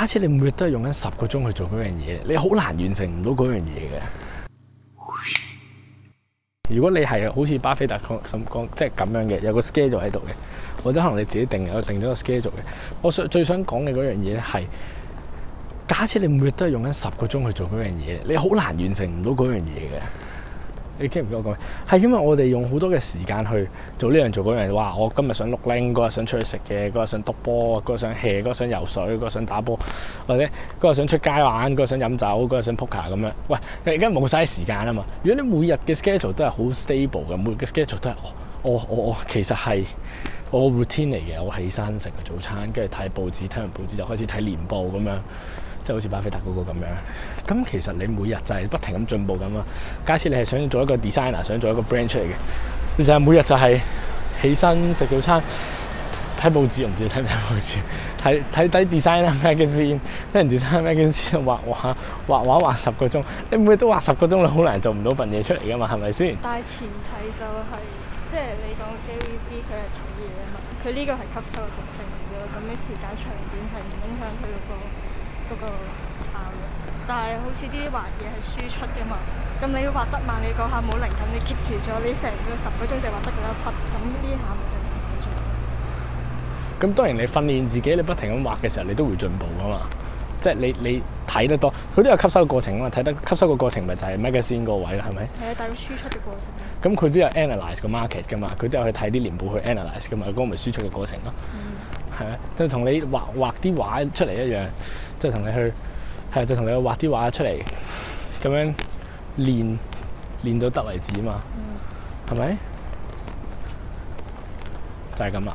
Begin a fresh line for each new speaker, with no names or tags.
假設你每月都係用緊十個鐘去做嗰樣嘢，你好難完成唔到嗰樣嘢嘅。如果你係好似巴菲特咁講，即係咁樣嘅，有個 schedule 喺度嘅，或者可能你自己定有定咗個 schedule 嘅，我想最想講嘅嗰樣嘢咧係，假設你每月都係用緊十個鐘去做嗰樣嘢，你好難完成唔到嗰樣嘢嘅。你聽唔到我講咩？係因為我哋用好多嘅時間去做呢樣做嗰樣，哇！我今日想 look，嗰日想出去食嘅，嗰日想篤波，嗰日想 h，嗰日想游水，嗰日想打波，或者嗰日想出街玩，嗰日想飲酒，嗰日想 p o 咁樣。喂，你而家冇晒時間啊嘛！如果你每日嘅 schedule 都係好 stable 嘅，每嘅 schedule 都係我我我其實係我 routine 嚟嘅，我起身食個早餐，跟住睇報紙，睇完報紙就開始睇連報咁樣。即係好似巴菲特嗰個咁樣，咁其實你每日就係不停咁進步咁啊！假設你係想要做一個 designer，想做一個 brand 出嚟嘅，你就係每日就係起身食早餐，睇報紙，唔知睇唔睇報紙，睇睇睇 designer 咩嘅線，睇完 designer 咩嘅線畫畫畫畫畫十個鐘，你每日都畫十個鐘，你好難做唔到份嘢出嚟噶嘛，係咪先？但係前提就係、是，即係你講嘅 v B 佢係睇嘢啊嘛，佢呢個係吸收嘅過程嚟嘅咯，咁你時間長短係唔影
響佢。嗰個效率，但係好似啲畫嘢係輸出嘅嘛。咁你畫得慢，你嗰下冇靈感，你 keep 住咗，你成個十個鐘就
畫得嗰一筆。咁呢下咪就唔好做。咁當然你訓練自己，你不停咁畫嘅時候，你都會進步噶嘛。即係你你睇得多，佢都有吸收過程啊嘛。睇得吸收個過程咪就係 magician 個位啦，係咪？係啊，但係個輸出嘅過程。咁佢都有 analyse 個 market 噶嘛，佢都有去睇啲年報去 analyse 噶嘛，嗰個咪輸出嘅過程咯。係啊、嗯，就同你畫畫啲畫出嚟一樣。即係同你去，係就同你去畫啲畫出嚟，咁樣練練到得為止啊嘛，係咪、嗯？就係咁啦。